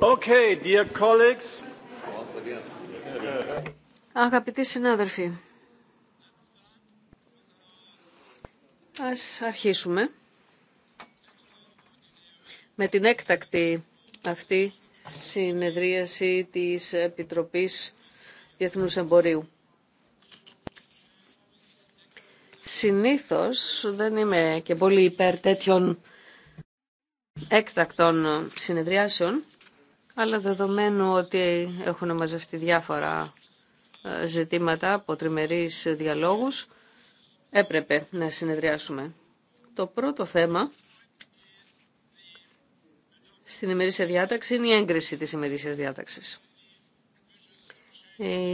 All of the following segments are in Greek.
Okay, dear colleagues. Αγαπητοί συνάδελφοι, ας αρχίσουμε με την έκτακτη αυτή συνεδρίαση της Επιτροπής Διεθνούς Εμπορίου. Συνήθως δεν είμαι και πολύ υπέρ τέτοιων έκτακτων συνεδριάσεων, αλλά δεδομένου ότι έχουν μαζευτεί διάφορα ε, ζητήματα από τριμερείς διαλόγους, έπρεπε να συνεδριάσουμε. Το πρώτο θέμα στην ημερήσια διάταξη είναι η έγκριση της ημερήσιας διάταξης.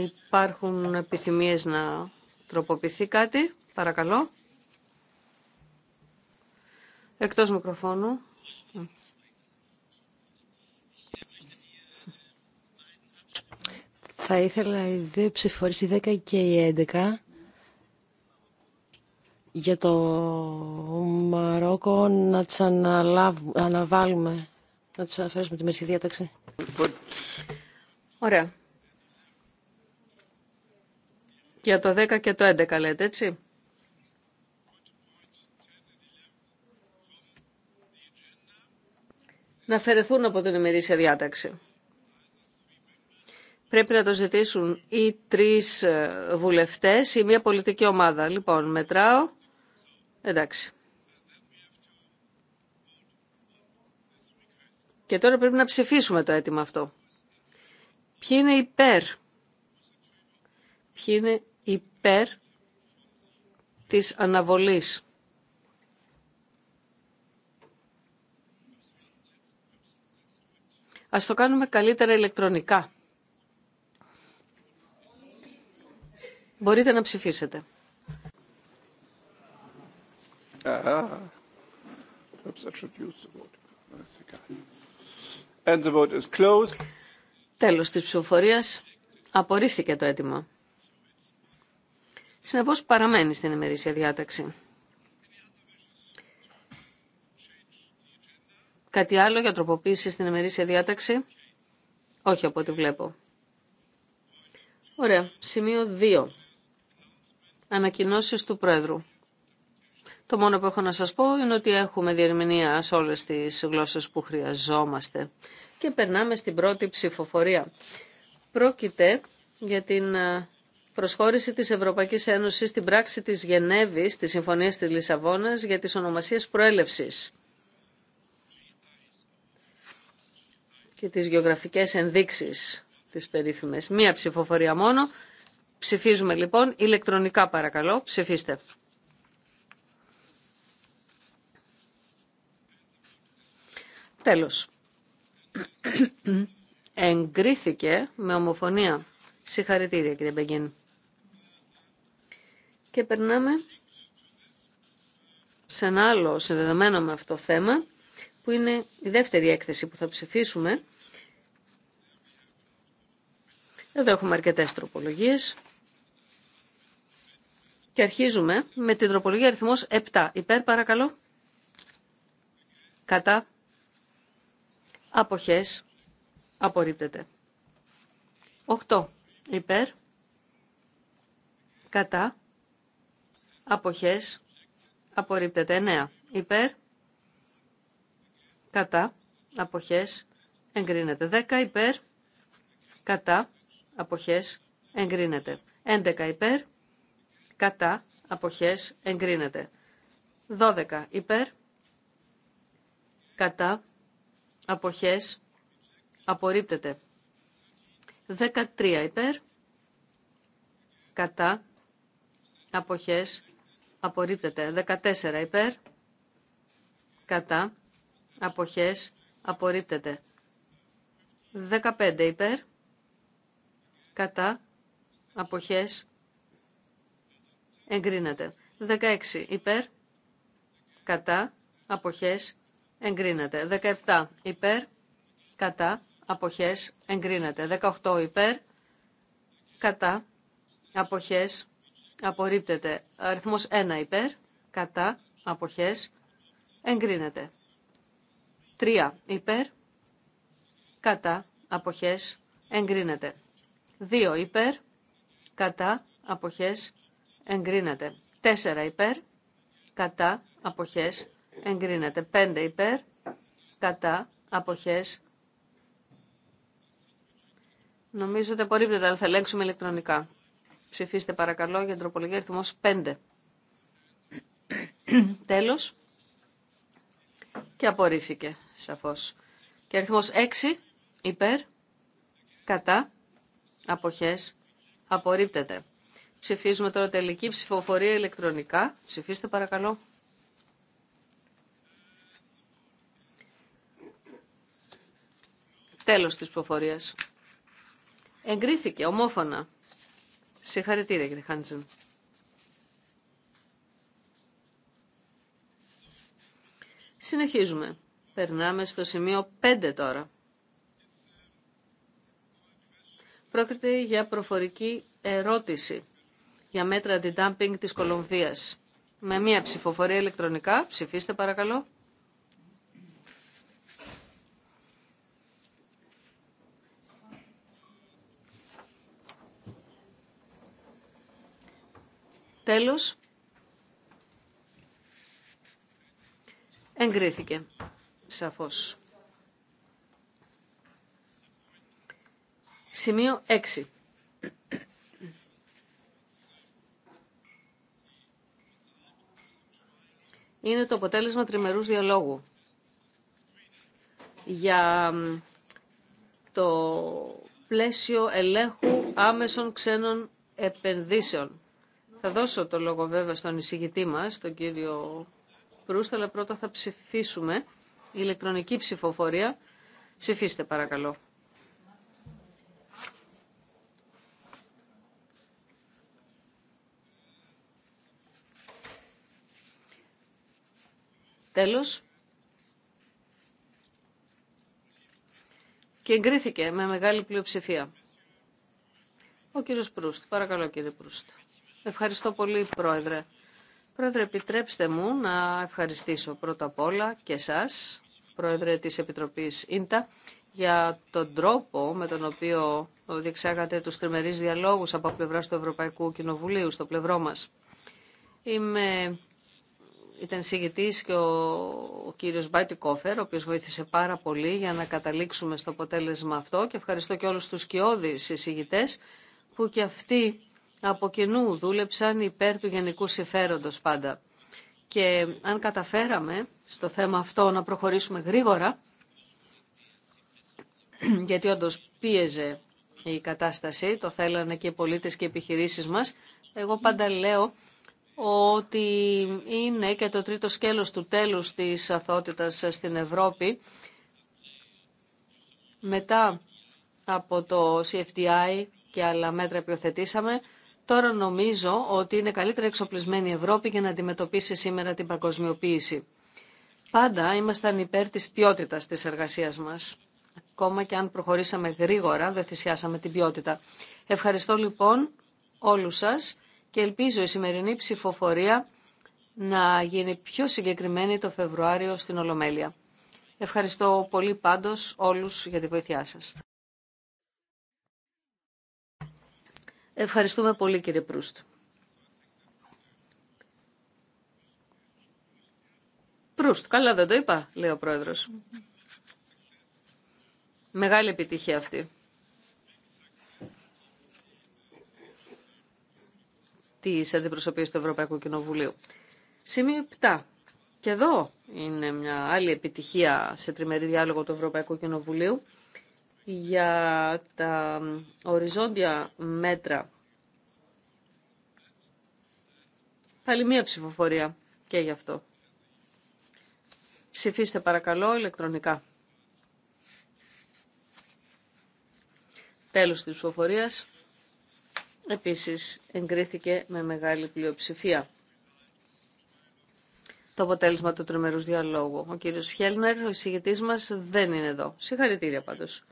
Υπάρχουν επιθυμίες να τροποποιηθεί κάτι, παρακαλώ. Εκτός μικροφώνου. Θα ήθελα οι δύο ψηφορίες, οι 10 και οι 11, για το Μαρόκο να τις αναβάλουμε, να τις αναφέρουμε τη μέση διάταξη. Ωραία. Για το 10 και το 11 λέτε, έτσι. Να αφαιρεθούν από την ημερήσια διάταξη πρέπει να το ζητήσουν οι τρεις ε, βουλευτές ή μια πολιτική ομάδα. Λοιπόν, μετράω. Εντάξει. Και τώρα πρέπει να ψηφίσουμε το αίτημα αυτό. Ποιοι είναι υπέρ. Ποιοι είναι υπέρ της αναβολής. Ας το κάνουμε καλύτερα ηλεκτρονικά. Μπορείτε να ψηφίσετε. Τέλος της ψηφοφορίας. Απορρίφθηκε το αίτημα. Συνεπώς παραμένει στην ημερήσια διάταξη. Κάτι άλλο για τροποποίηση στην ημερήσια διάταξη. Όχι από ό,τι βλέπω. Ωραία. Σημείο 2. Ανακοινώσεις του Πρόεδρου. Το μόνο που έχω να σας πω είναι ότι έχουμε διερμηνία σε όλες τις γλώσσες που χρειαζόμαστε. Και περνάμε στην πρώτη ψηφοφορία. Πρόκειται για την ε, προσχώρηση της Ευρωπαϊκής Ένωσης στην πράξη της Γενέβης, της Συμφωνίας της Λισαβόνας για τις ονομασίες προέλευσης και τις γεωγραφικές ενδείξεις της περίφημες. Μία ψηφοφορία μόνο, Ψηφίζουμε λοιπόν ηλεκτρονικά παρακαλώ. Ψηφίστε. Τέλος. Εγκρίθηκε με ομοφωνία. Συγχαρητήρια κύριε Μπεγκίν. Και περνάμε σε ένα άλλο συνδεδεμένο με αυτό θέμα, που είναι η δεύτερη έκθεση που θα ψηφίσουμε. Εδώ έχουμε αρκετές τροπολογίες. Και αρχίζουμε με την τροπολογία αριθμός 7. Υπέρ παρακαλώ. Κατά. Αποχές. Απορρίπτεται. 8. Υπέρ. Κατά. Αποχές. Απορρίπτεται. 9. Υπέρ. Κατά. Αποχές. Εγκρίνεται. 10. Υπέρ. Κατά. Αποχές. Εγκρίνεται. 11. Υπέρ κατά, αποχές, εγκρίνεται. 12 υπέρ, κατά, αποχές, απορρίπτεται. 13 υπέρ, κατά, αποχές, απορρίπτεται. 14 υπέρ, κατά, αποχές, απορρίπτεται. 15 υπέρ, κατά, αποχές, εγκρίνεται. 16 υπέρ, κατά, αποχές, εγκρίνεται. 17 υπέρ, κατά, αποχές, εγκρίνεται. 18 υπέρ, κατά, αποχές, απορρίπτεται. Αριθμός 1 υπέρ, κατά, αποχές, εγκρίνεται. 3 υπέρ, κατά, αποχές, εγκρίνεται. 2 υπέρ, κατά, αποχές, εγκρίνεται. 4 υπέρ, κατά, αποχές, εγκρίνεται. 5 υπέρ, κατά, αποχές. Νομίζω ότι απορρίπτεται, αλλά θα ελέγξουμε ηλεκτρονικά. Ψηφίστε παρακαλώ για τροπολογία αριθμός 5. Τέλος. Και απορρίφθηκε, σαφώς. Και αριθμός 6 υπέρ, κατά, αποχές, απορρίπτεται. Ψηφίζουμε τώρα τελική ψηφοφορία ηλεκτρονικά. Ψηφίστε παρακαλώ. Τέλος της ψηφοφορίας. Εγκρίθηκε ομόφωνα. Συγχαρητήρια κύριε Χάντζεν. Συνεχίζουμε. Περνάμε στο σημείο 5 τώρα. Πρόκειται για προφορική ερώτηση για μέτρα αντι-dumping της Κολομβίας. Με μία ψηφοφορία ηλεκτρονικά. Ψηφίστε παρακαλώ. Τέλος. Εγκρίθηκε. Σαφώς. Σημείο 6. είναι το αποτέλεσμα τριμερούς διαλόγου για το πλαίσιο ελέγχου άμεσων ξένων επενδύσεων. Θα δώσω το λόγο βέβαια στον εισηγητή μας, τον κύριο Προύστα, αλλά πρώτα θα ψηφίσουμε ηλεκτρονική ψηφοφορία. Ψηφίστε παρακαλώ. Τέλος. Και εγκρίθηκε με μεγάλη πλειοψηφία. Ο κύριος Προύστ. Παρακαλώ κύριε Προύστ. Ευχαριστώ πολύ πρόεδρε. Πρόεδρε, επιτρέψτε μου να ευχαριστήσω πρώτα απ' όλα και εσάς, Πρόεδρε της Επιτροπής ΙΝΤΑ, για τον τρόπο με τον οποίο διεξάγατε τους τριμερείς διαλόγους από πλευρά του Ευρωπαϊκού Κοινοβουλίου στο πλευρό μας. Είμαι ήταν συγητής και ο κύριος Μπάτι Κόφερ, ο οποίος βοήθησε πάρα πολύ για να καταλήξουμε στο αποτέλεσμα αυτό και ευχαριστώ και όλους τους κοιόδη συγητέ, που και αυτοί από κοινού δούλεψαν υπέρ του γενικού συμφέροντο πάντα. Και αν καταφέραμε στο θέμα αυτό να προχωρήσουμε γρήγορα, γιατί όντω πίεζε η κατάσταση, το θέλανε και οι πολίτες και οι επιχειρήσεις μας, εγώ πάντα λέω ότι είναι και το τρίτο σκέλος του τέλους της αθότητας στην Ευρώπη μετά από το CFDI και άλλα μέτρα που υιοθετήσαμε, τώρα νομίζω ότι είναι καλύτερα εξοπλισμένη η Ευρώπη για να αντιμετωπίσει σήμερα την παγκοσμιοποίηση. Πάντα ήμασταν υπέρ της ποιότητας της εργασίας μας. Ακόμα και αν προχωρήσαμε γρήγορα, δεν θυσιάσαμε την ποιότητα. Ευχαριστώ λοιπόν όλους σας και ελπίζω η σημερινή ψηφοφορία να γίνει πιο συγκεκριμένη το Φεβρουάριο στην Ολομέλεια. Ευχαριστώ πολύ πάντως όλους για τη βοήθειά σας. Ευχαριστούμε πολύ κύριε Προύστ. Προύστ, καλά δεν το είπα, λέει ο πρόεδρος. Μεγάλη επιτυχία αυτή. Τη αντιπροσωπεία του Ευρωπαϊκού Κοινοβουλίου. Σημείο 7. Και εδώ είναι μια άλλη επιτυχία σε τριμερή διάλογο του Ευρωπαϊκού Κοινοβουλίου για τα οριζόντια μέτρα. Πάλι μία ψηφοφορία και γι' αυτό. Ψηφίστε παρακαλώ ηλεκτρονικά. Τέλος της ψηφοφορίας επίσης εγκρίθηκε με μεγάλη πλειοψηφία. Το αποτέλεσμα του τριμερούς διαλόγου. Ο κύριος Χέλνερ, ο εισηγητής μας, δεν είναι εδώ. Συγχαρητήρια πάντως.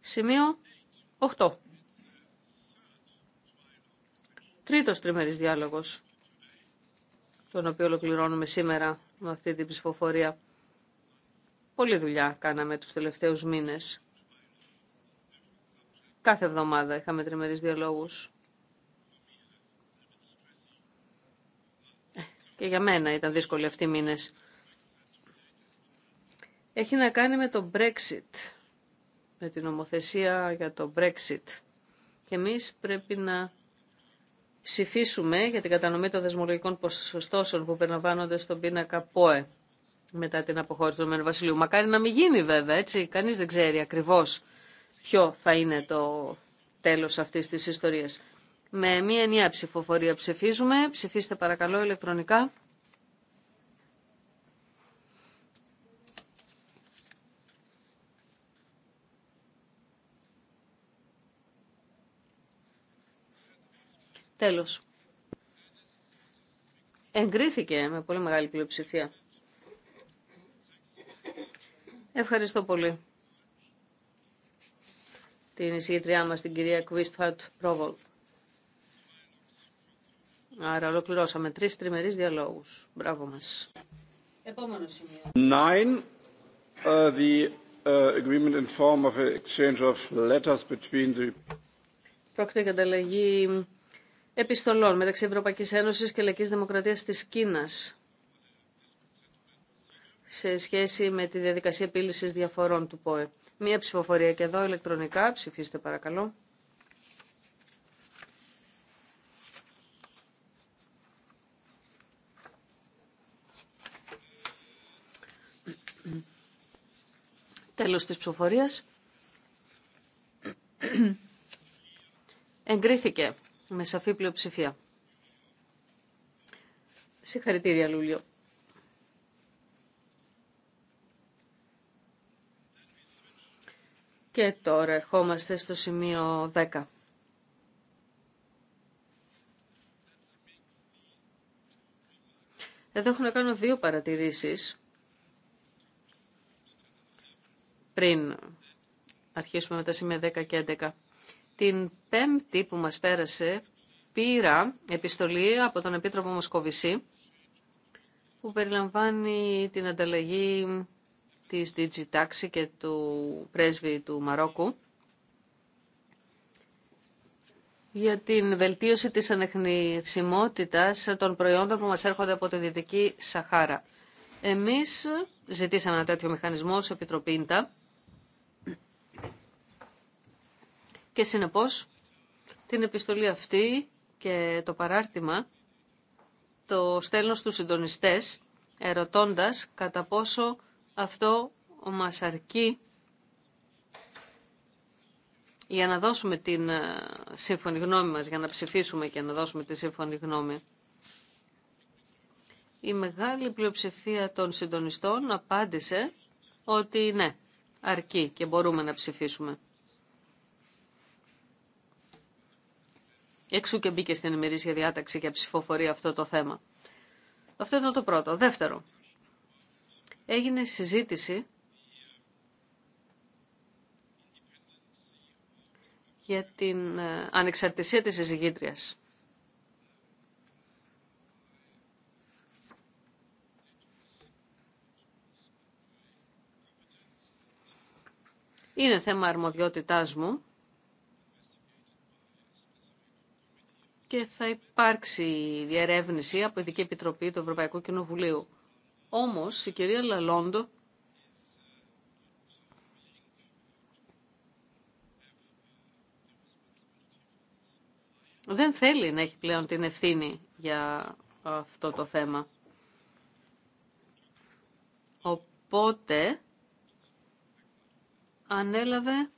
Σημείο 8. Τρίτος τριμερής διάλογος, τον οποίο ολοκληρώνουμε σήμερα με αυτή την ψηφοφορία. Πολλή δουλειά κάναμε τους τελευταίους μήνες. Κάθε εβδομάδα είχαμε τριμερείς διαλόγους. Και για μένα ήταν δύσκολοι αυτοί οι μήνες. Έχει να κάνει με το Brexit, με την ομοθεσία για το Brexit. Και εμείς πρέπει να ψηφίσουμε για την κατανομή των δεσμολογικών ποσοστώσεων που περιλαμβάνονται στον πίνακα ΠΟΕ μετά την αποχώρηση του Βασιλείου. Μακάρι να μην γίνει βέβαια, έτσι. Κανείς δεν ξέρει ακριβώς ποιο θα είναι το τέλος αυτής της ιστορίας. Με μία ενιαία ψηφοφορία ψηφίζουμε. Ψηφίστε παρακαλώ ηλεκτρονικά. Τέλος. Εγκρίθηκε με πολύ μεγάλη πλειοψηφία. Ευχαριστώ πολύ την εισηγητριά μας, την κυρία Κουίστφατ Πρόβολ. Άρα ολοκληρώσαμε τρεις τριμερείς διαλόγους. Μπράβο μας. Επόμενο σημείο. Nine, uh, the uh, agreement in form of exchange of letters between the... Πρόκειται για ανταλλαγή επιστολών μεταξύ Ευρωπαϊκής Ένωσης και Λαϊκής Δημοκρατίας της Κίνας σε σχέση με τη διαδικασία επίλυση διαφορών του ΠΟΕ. Μία ψηφοφορία και εδώ ηλεκτρονικά. Ψηφίστε παρακαλώ. Τέλος της ψηφοφορίας. Εγκρίθηκε με σαφή πλειοψηφία. Συγχαρητήρια Λούλιο. Και τώρα ερχόμαστε στο σημείο 10. Εδώ έχω να κάνω δύο παρατηρήσεις πριν αρχίσουμε με τα σημεία 10 και 11. Την πέμπτη που μας πέρασε πήρα επιστολή από τον Επίτροπο Μοσκοβισή που περιλαμβάνει την ανταλλαγή της DigiTaxi και του πρέσβη του Μαρόκου για την βελτίωση της ανεχνησιμότητας των προϊόντων που μας έρχονται από τη Δυτική Σαχάρα. Εμείς ζητήσαμε ένα τέτοιο μηχανισμό σε Επιτροπή και συνεπώς την επιστολή αυτή και το παράρτημα το στέλνω στους συντονιστές ερωτώντας κατά πόσο αυτό μας αρκεί για να δώσουμε την ε, σύμφωνη γνώμη μας, για να ψηφίσουμε και να δώσουμε τη σύμφωνη γνώμη. Η μεγάλη πλειοψηφία των συντονιστών απάντησε ότι ναι, αρκεί και μπορούμε να ψηφίσουμε. Εξού και μπήκε στην ημερήσια διάταξη για ψηφοφορία αυτό το θέμα. Αυτό ήταν το πρώτο. Δεύτερο, έγινε συζήτηση για την ε, ανεξαρτησία της εισηγήτριας. Είναι θέμα αρμοδιότητάς μου και θα υπάρξει διερεύνηση από Ειδική Επιτροπή του Ευρωπαϊκού Κοινοβουλίου. Όμως η κυρία Λαλόντο δεν θέλει να έχει πλέον την ευθύνη για αυτό το θέμα. Οπότε ανέλαβε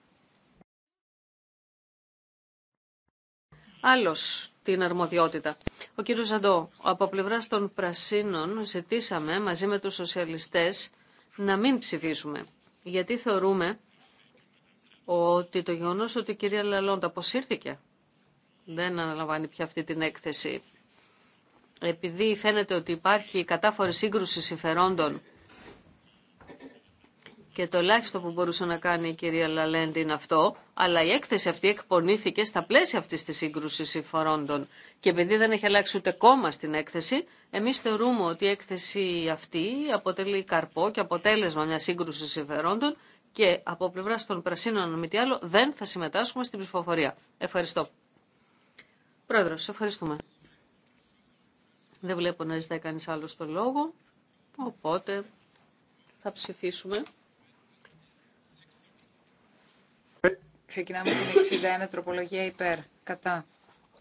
άλλος την αρμοδιότητα. Ο κύριος Ζαντό, από πλευρά των Πρασίνων ζητήσαμε μαζί με τους σοσιαλιστές να μην ψηφίσουμε, γιατί θεωρούμε ότι το γεγονό ότι η κυρία Λαλόντα αποσύρθηκε, δεν αναλαμβάνει πια αυτή την έκθεση, επειδή φαίνεται ότι υπάρχει κατάφορη σύγκρουση συμφερόντων και το ελάχιστο που μπορούσε να κάνει η κυρία Λαλέντη είναι αυτό, αλλά η έκθεση αυτή εκπονήθηκε στα πλαίσια αυτή τη σύγκρουση συμφερόντων. Και επειδή δεν έχει αλλάξει ούτε κόμμα στην έκθεση, εμεί θεωρούμε ότι η έκθεση αυτή αποτελεί καρπό και αποτέλεσμα μια σύγκρουση συμφερόντων και από πλευρά των πρασίνων, με τι άλλο, δεν θα συμμετάσχουμε στην ψηφοφορία. Ευχαριστώ. Πρόεδρο, σα ευχαριστούμε. Δεν βλέπω να ζητάει κανεί άλλο το λόγο. Οπότε θα ψηφίσουμε. Ξεκινάμε την 61 τροπολογία υπέρ. Κατά.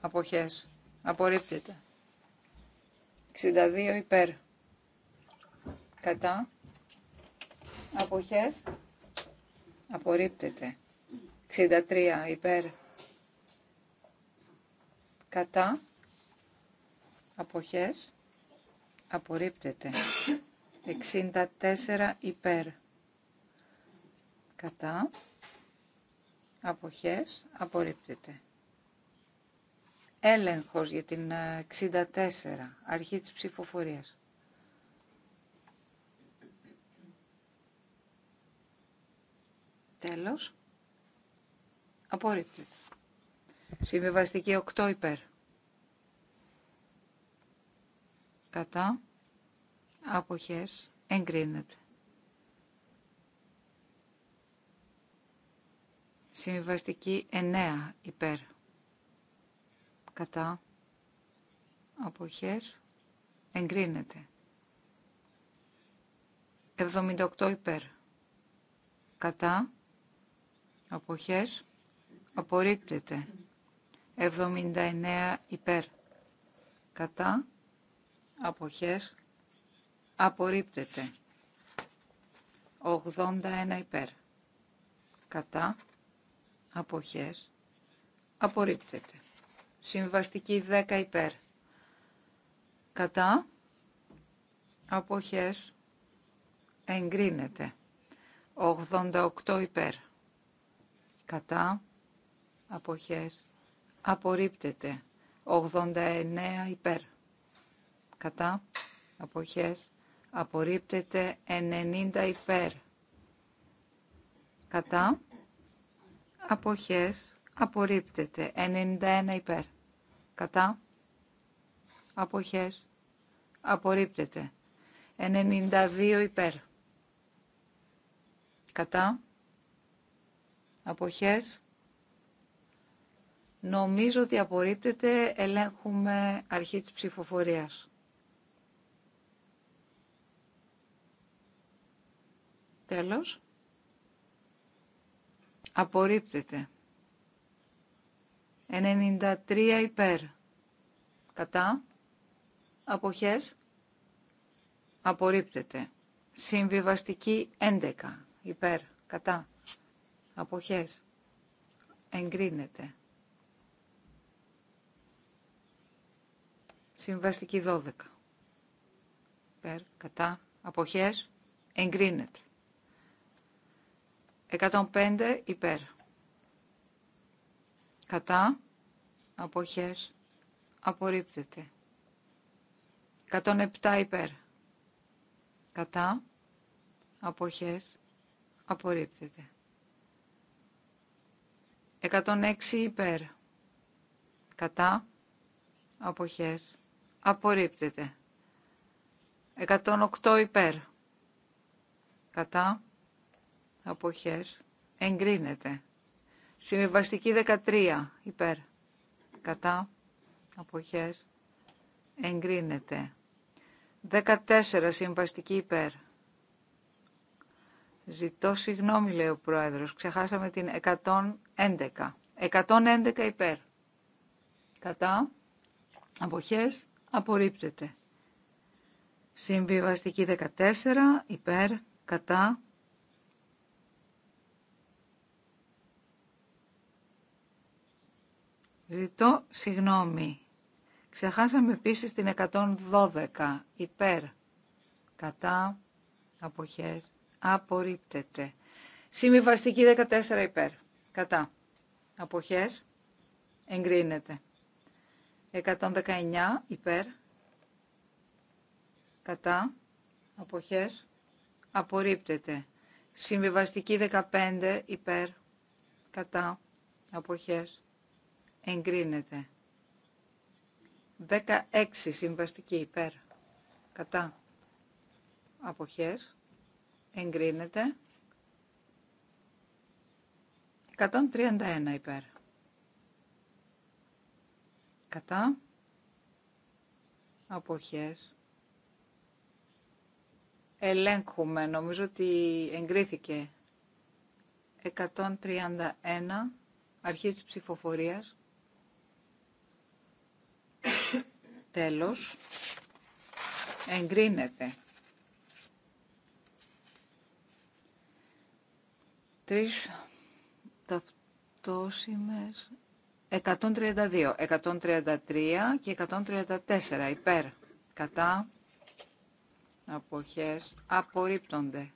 Αποχές. Απορρίπτεται. 62 υπέρ. Κατά. Αποχές. Απορρίπτεται. 63 υπέρ. Κατά. Αποχές. Απορρίπτεται. 64 υπέρ. Κατά αποχές απορρίπτεται. Έλεγχος για την 64, ε, αρχή της ψηφοφορίας. Τέλος. Απορρίπτεται. Συμβιβαστική 8 υπέρ. Κατά. Αποχές. Εγκρίνεται. Συμβιβαστική 9 υπέρ. Κατά. Αποχές. Εγκρίνεται. 78 υπέρ. Κατά. Αποχές. Απορρίπτεται. 79 υπέρ. Κατά. Αποχές. Απορρίπτεται. 81 υπέρ. Κατά αποχές απορρίπτεται. Συμβαστική 10 υπέρ. Κατά αποχές εγκρίνεται. 88 υπέρ. Κατά αποχές απορρίπτεται. 89 υπέρ. Κατά αποχές απορρίπτεται 90 υπέρ. Κατά Αποχές. Απορρίπτεται. 91 υπέρ. Κατά. Αποχές. Απορρίπτεται. 92 υπέρ. Κατά. Αποχές. Νομίζω ότι απορρίπτεται. Ελέγχουμε αρχή της ψηφοφορίας. Τέλος. Απορρίπτεται. 93 υπέρ. Κατά. Αποχές. Απορρίπτεται. Συμβιβαστική 11 υπέρ. Κατά. Αποχές. Εγκρίνεται. Συμβαστική 12. Υπέρ. Κατά. Αποχές. Εγκρίνεται. 105 υπέρ. Κατά. Αποχές. Απορρίπτεται. 107 υπέρ. Κατά. Αποχές. Απορρίπτεται. 106 υπέρ. Κατά. Αποχές. Απορρίπτεται. 108 υπέρ. Κατά αποχές εγκρίνεται. Συμβιβαστική 13 υπέρ κατά αποχές εγκρίνεται. 14 συμβαστική υπέρ. Ζητώ συγγνώμη λέει ο πρόεδρος, ξεχάσαμε την 111. 111 υπέρ. Κατά αποχές απορρίπτεται. Συμβιβαστική 14 υπέρ κατά Ζητώ συγγνώμη. Ξεχάσαμε επίσης την 112 υπέρ κατά αποχές απορρίπτεται. Συμβιβαστική 14 υπέρ κατά αποχές εγκρίνεται. 119 υπέρ κατά αποχές απορρίπτεται. Συμβιβαστική 15 υπέρ κατά αποχές εγκρίνεται. 16 συμβαστική υπέρ κατά αποχές εγκρίνεται. 131 υπέρ. Κατά αποχές ελέγχουμε. Νομίζω ότι εγκρίθηκε 131 αρχή της ψηφοφορίας. Τέλος. Εγκρίνεται. Τρεις ταυτόσημες 132, 133 και 134 υπέρ κατά αποχές απορρίπτονται.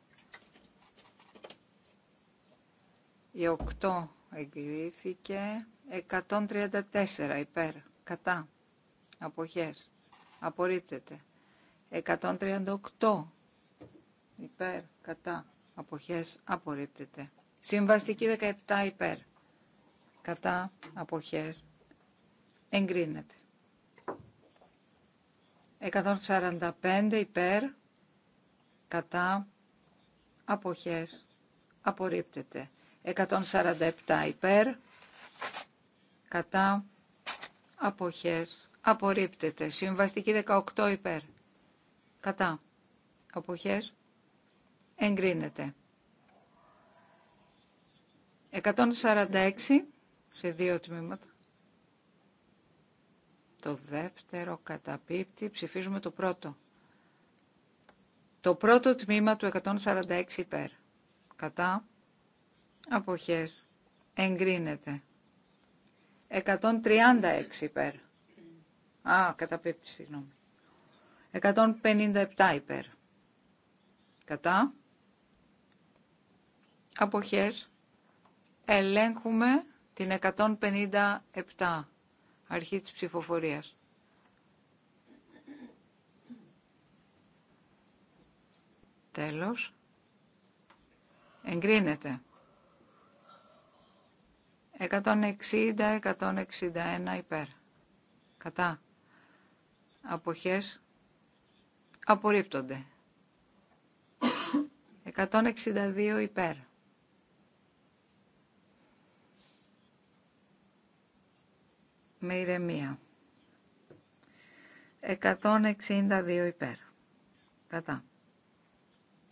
Η 8 εγκρίθηκε 134 υπέρ κατά αποχές, απορρίπτεται. 138 υπέρ, κατά, αποχές, απορρίπτεται. Συμβαστική 17 υπέρ, κατά, αποχές, εγκρίνεται. 145 υπέρ, κατά, αποχές, απορρίπτεται. 147 υπέρ, κατά, αποχές, απορρίπτεται. Συμβαστική 18 υπέρ. Κατά. Αποχές εγκρίνεται. 146 σε δύο τμήματα. Το δεύτερο καταπίπτει. Ψηφίζουμε το πρώτο. Το πρώτο τμήμα του 146 υπέρ. Κατά. Αποχές. Εγκρίνεται. 136 υπέρ. Α, καταπέπτει, συγγνώμη. 157 υπέρ. Κατά. Αποχές. Ελέγχουμε την 157 αρχή της ψηφοφορίας. Τέλος. Εγκρίνεται. 160-161 υπέρ. Κατά αποχές απορρίπτονται. 162 υπέρ. Με ηρεμία. 162 υπέρ. Κατά.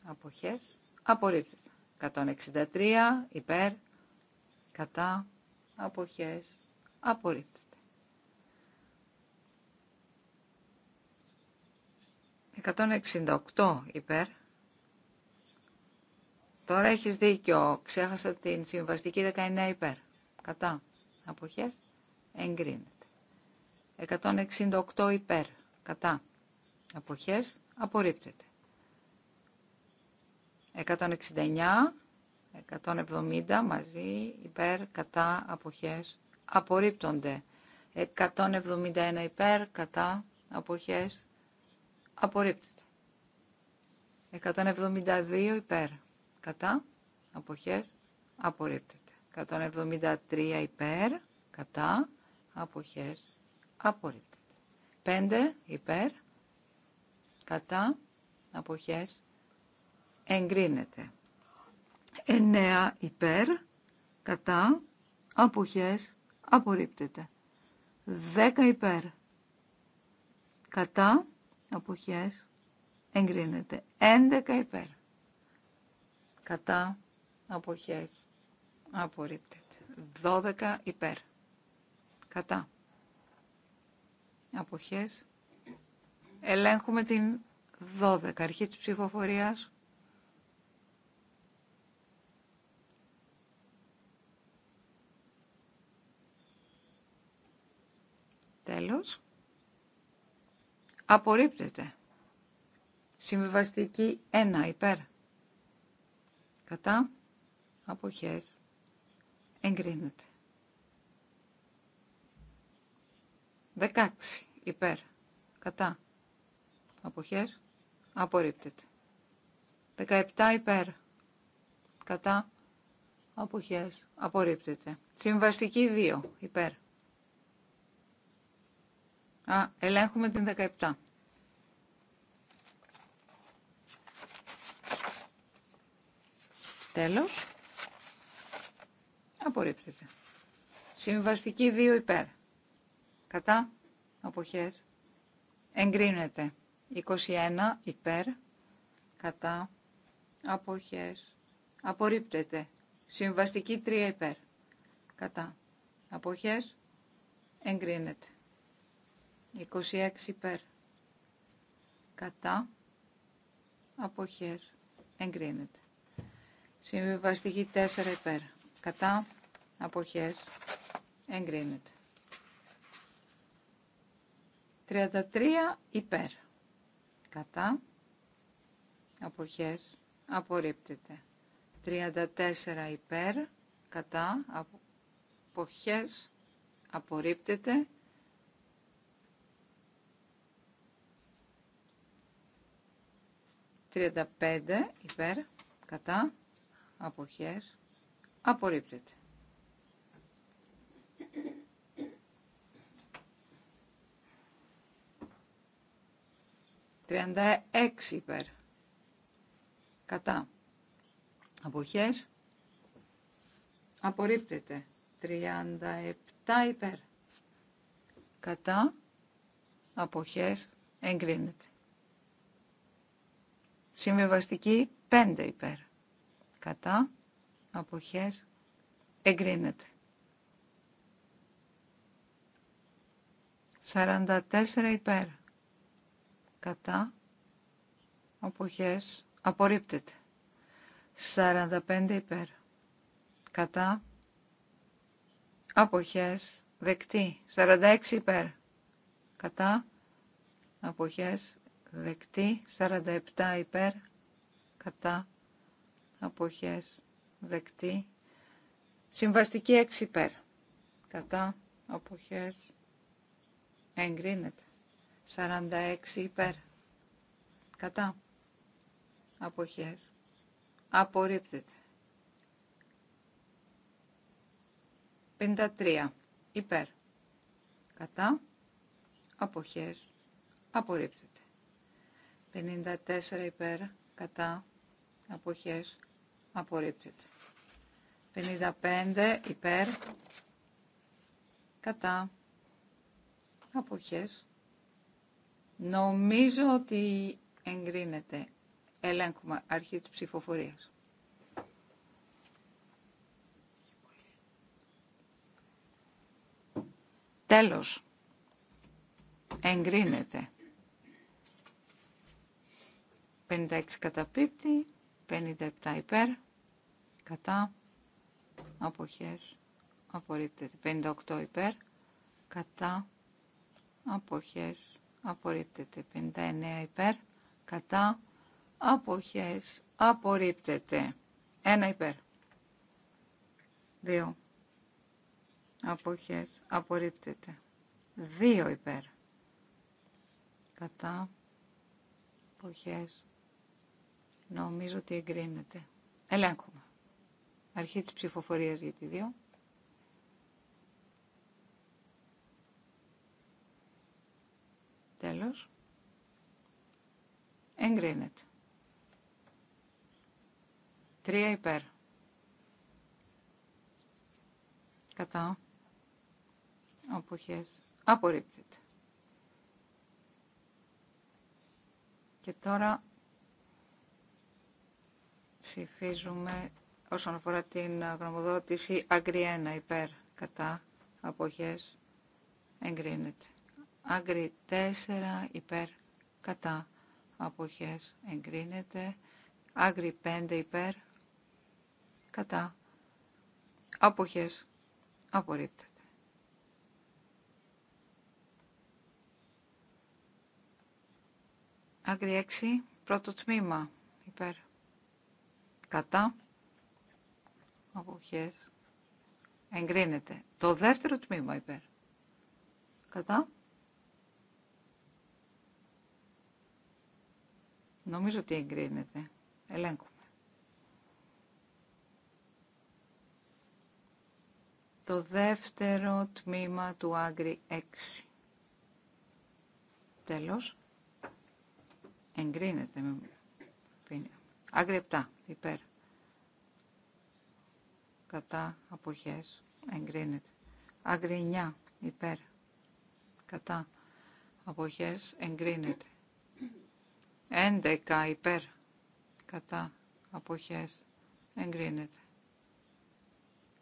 Αποχές. Απορρίπτεται. 163 υπέρ. Κατά. Αποχές. Απορρίπτεται. 168 υπέρ. Τώρα έχεις δίκιο. Ξέχασα την συμβαστική 19 υπέρ. Κατά. Αποχές. Εγκρίνεται. 168 υπέρ. Κατά. Αποχές. Απορρίπτεται. 169. 170 μαζί υπέρ. Κατά. Αποχές. Απορρίπτονται. 171 υπέρ. Κατά. Αποχές Απορρίπτεται. 172 υπέρ. Κατά. Αποχές. Απορρίπτεται. 173 υπέρ. Κατά. Αποχές. Απορρίπτεται. 5 υπέρ. Κατά. Αποχές. Εγκρίνεται. 9 υπέρ. Κατά. Αποχές. Απορρίπτεται. 10 υπέρ. Κατά αποχές εγκρίνεται 11 υπέρ κατά αποχές απορρίπτεται 12 υπέρ κατά αποχές ελέγχουμε την 12 αρχή της ψηφοφορίας τέλος Απορρίπτεται. Συμβιβαστική 1 υπέρ. Κατά. Αποχές. Εγκρίνεται. 16 υπέρ. Κατά. Αποχές. Απορρίπτεται. 17 υπέρ. Κατά. Αποχές. Απορρίπτεται. Συμβαστική 2 υπέρ. Α, ελέγχουμε την 17. Τέλος. Απορρίπτεται. Συμβαστική 2 υπέρ. Κατά. Αποχές. Εγκρίνεται. 21 υπέρ. Κατά. Αποχές. Απορρίπτεται. Συμβαστική 3 υπέρ. Κατά. Αποχές. Εγκρίνεται. 26 υπέρ. Κατά. Αποχές. Εγκρίνεται. Συμβιβαστική 4 υπέρ. Κατά. Αποχές. Εγκρίνεται. 33 υπέρ. Κατά. Αποχές. Απορρίπτεται. 34 υπέρ. Κατά. Αποχές. Απορρίπτεται. 35 υπέρ, κατά, αποχές, απορρίπτεται. Τριάντα έξι υπέρ. Κατά. Αποχές. Απορρίπτεται. 37 επτά υπέρ. Κατά. Αποχές. Εγκρίνεται. Συμβιβαστική 5 υπέρ. Κατά. Αποχές. Εγκρίνεται. 44 υπέρ. Κατά. Αποχές. Απορρίπτεται. 45 υπέρ. Κατά. Αποχές. Δεκτή. 46 υπέρ. Κατά. Αποχές δεκτή, 47 υπέρ, κατά, αποχές, δεκτή, συμβαστική 6 υπέρ, κατά, αποχές, εγκρίνεται, 46 υπέρ, κατά, αποχές, απορρίπτεται, 53 υπέρ, κατά, αποχές, απορρίπτεται. 54 υπέρ κατά αποχές απορρίπτεται. 55 υπέρ κατά αποχές. Νομίζω ότι εγκρίνεται. Ελέγχουμε αρχή της ψηφοφορίας. Τέλος. Εγκρίνεται. 56 καταπίπτει, 57 υπέρ, κατά, αποχές, απορρίπτεται. 58 υπέρ, κατά, αποχές, απορρίπτεται. 59 υπέρ, κατά, αποχές, απορρίπτεται. 1 υπέρ, 2 αποχές, απορρίπτεται. 2 υπέρ, κατά, αποχές, Νομίζω ότι εγκρίνεται. Ελέγχουμε. Αρχή της ψηφοφορίας για τη δύο. Τέλος. Εγκρίνεται. Τρία υπέρ. Κατά. Αποχές. Απορρίπτεται. Και τώρα Ψηφίζουμε όσον αφορά την γνωμοδότηση αγκριένα 1 υπέρ κατά αποχές εγκρίνεται. Άγκρι 4 υπέρ κατά αποχές εγκρίνεται. Άγκρι 5 υπέρ κατά αποχές απορρίπτεται. Άγκρι 6 πρώτο τμήμα υπέρ κατά αποχές εγκρίνεται. Το δεύτερο τμήμα υπέρ κατά νομίζω ότι εγκρίνεται. Ελέγχουμε. Το δεύτερο τμήμα του Άγκρι 6. Τέλος, εγκρίνεται Άγκρι 7 υπέρ. Κατά αποχές εγκρίνεται. Άγκρι 9 υπέρ. Κατά αποχές εγκρίνεται. 11 υπέρ. Κατά αποχές εγκρίνεται.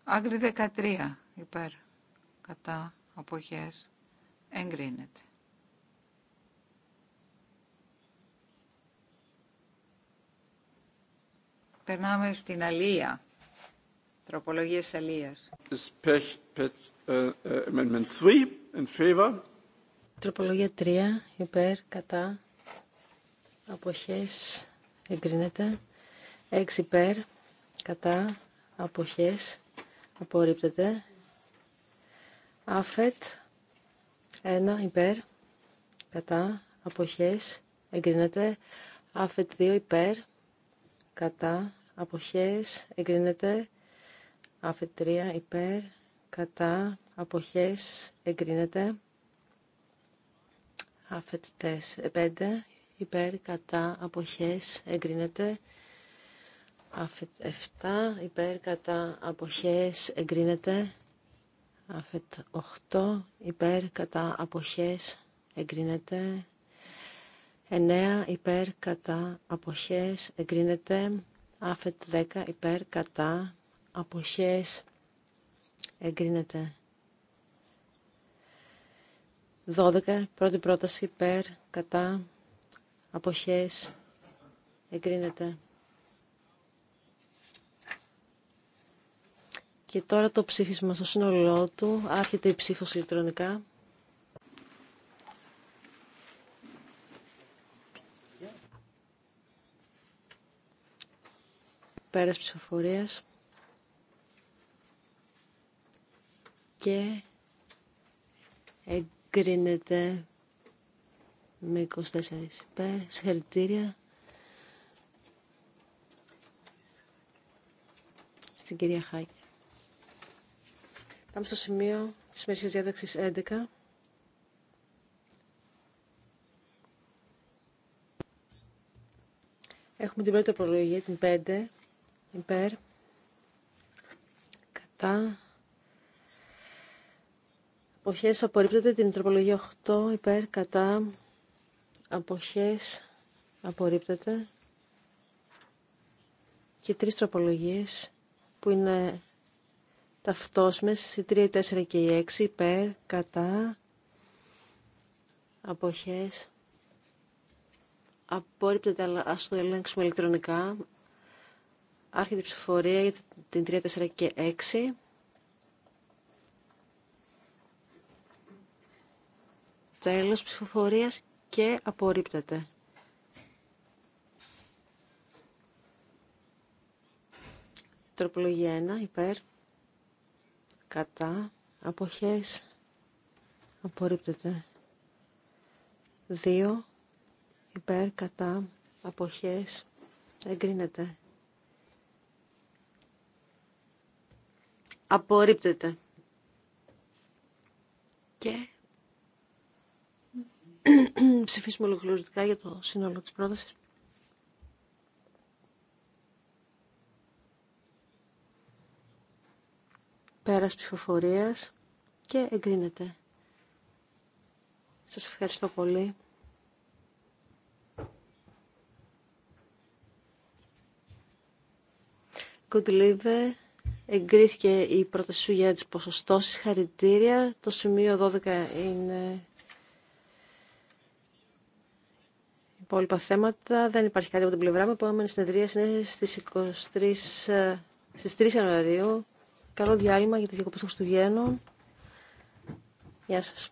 Άγκρι 13 υπέρ. Κατά αποχές εγκρίνεται. Περνάμε στην αλία. Τροπολογίε Αλία. Uh, uh, Τροπολογία 3, υπέρ, κατά, Αποχέ. εγκρίνεται. 6 υπέρ, κατά, Αποχέ. απορρίπτεται. Άφετ, 1 υπέρ, κατά, Αποχέ. εγκρίνεται. Άφετ 2 υπέρ, κατά, αποχές εγκρίνεται άφετ 3 υπέρ κατά αποχές εγκρίνεται άφετ 5 υπέρ κατά αποχές εγκρίνεται άφετ 7 υπέρ κατά αποχές εγκρίνεται άφετ 8 υπέρ κατά αποχές εγκρίνεται 9 υπέρ κατά αποχές εγκρίνεται Άφετ 10 υπέρ κατά αποχές εγκρίνεται. 12 πρώτη πρόταση υπέρ κατά αποχές εγκρίνεται. Και τώρα το ψήφισμα στο σύνολό του άρχεται η ψήφος ηλεκτρονικά. Πέρας ψηφοφορίας. Και εγκρίνεται με 24 υπέρ. Συγχαρητήρια. Στην κυρία Χάκη. Πάμε στο σημείο της μερικής διάταξης 11. Έχουμε την πρώτη προλογή, την 5, υπέρ, κατά, αποχές απορρίπτεται την τροπολογία 8, υπέρ, κατά, αποχές απορρίπτεται και τρεις τροπολογίες που είναι ταυτόσμες, η 3, η 4 και η 6, υπέρ, κατά, αποχές, απόρριπτεται, αλλά ας το ελέγξουμε ηλεκτρονικά, Άρχεται η ψηφοφορία για την 3, 4 και 6. Τέλος ψηφοφορίας και απορρίπτεται. Τροπολογία 1, υπέρ, κατά, αποχές, απορρίπτεται. 2, υπέρ, κατά, αποχές, εγκρίνεται. Απορρίπτεται. Και ψηφίσουμε ολοκληρωτικά για το σύνολο της πρότασης. Πέρας ψηφοφορίας και εγκρίνεται. Σας ευχαριστώ πολύ. Good live. Εγκρίθηκε η πρόταση σου για τις ποσοστώσεις. Χαρητήρια. Το σημείο 12 είναι υπόλοιπα θέματα. Δεν υπάρχει κάτι από την πλευρά μου. επόμενη συνεδρία είναι στις, 23, στις 3 Ιανουαρίου. Καλό διάλειμμα για τις διακοπές Χριστουγέννων. Γεια σας.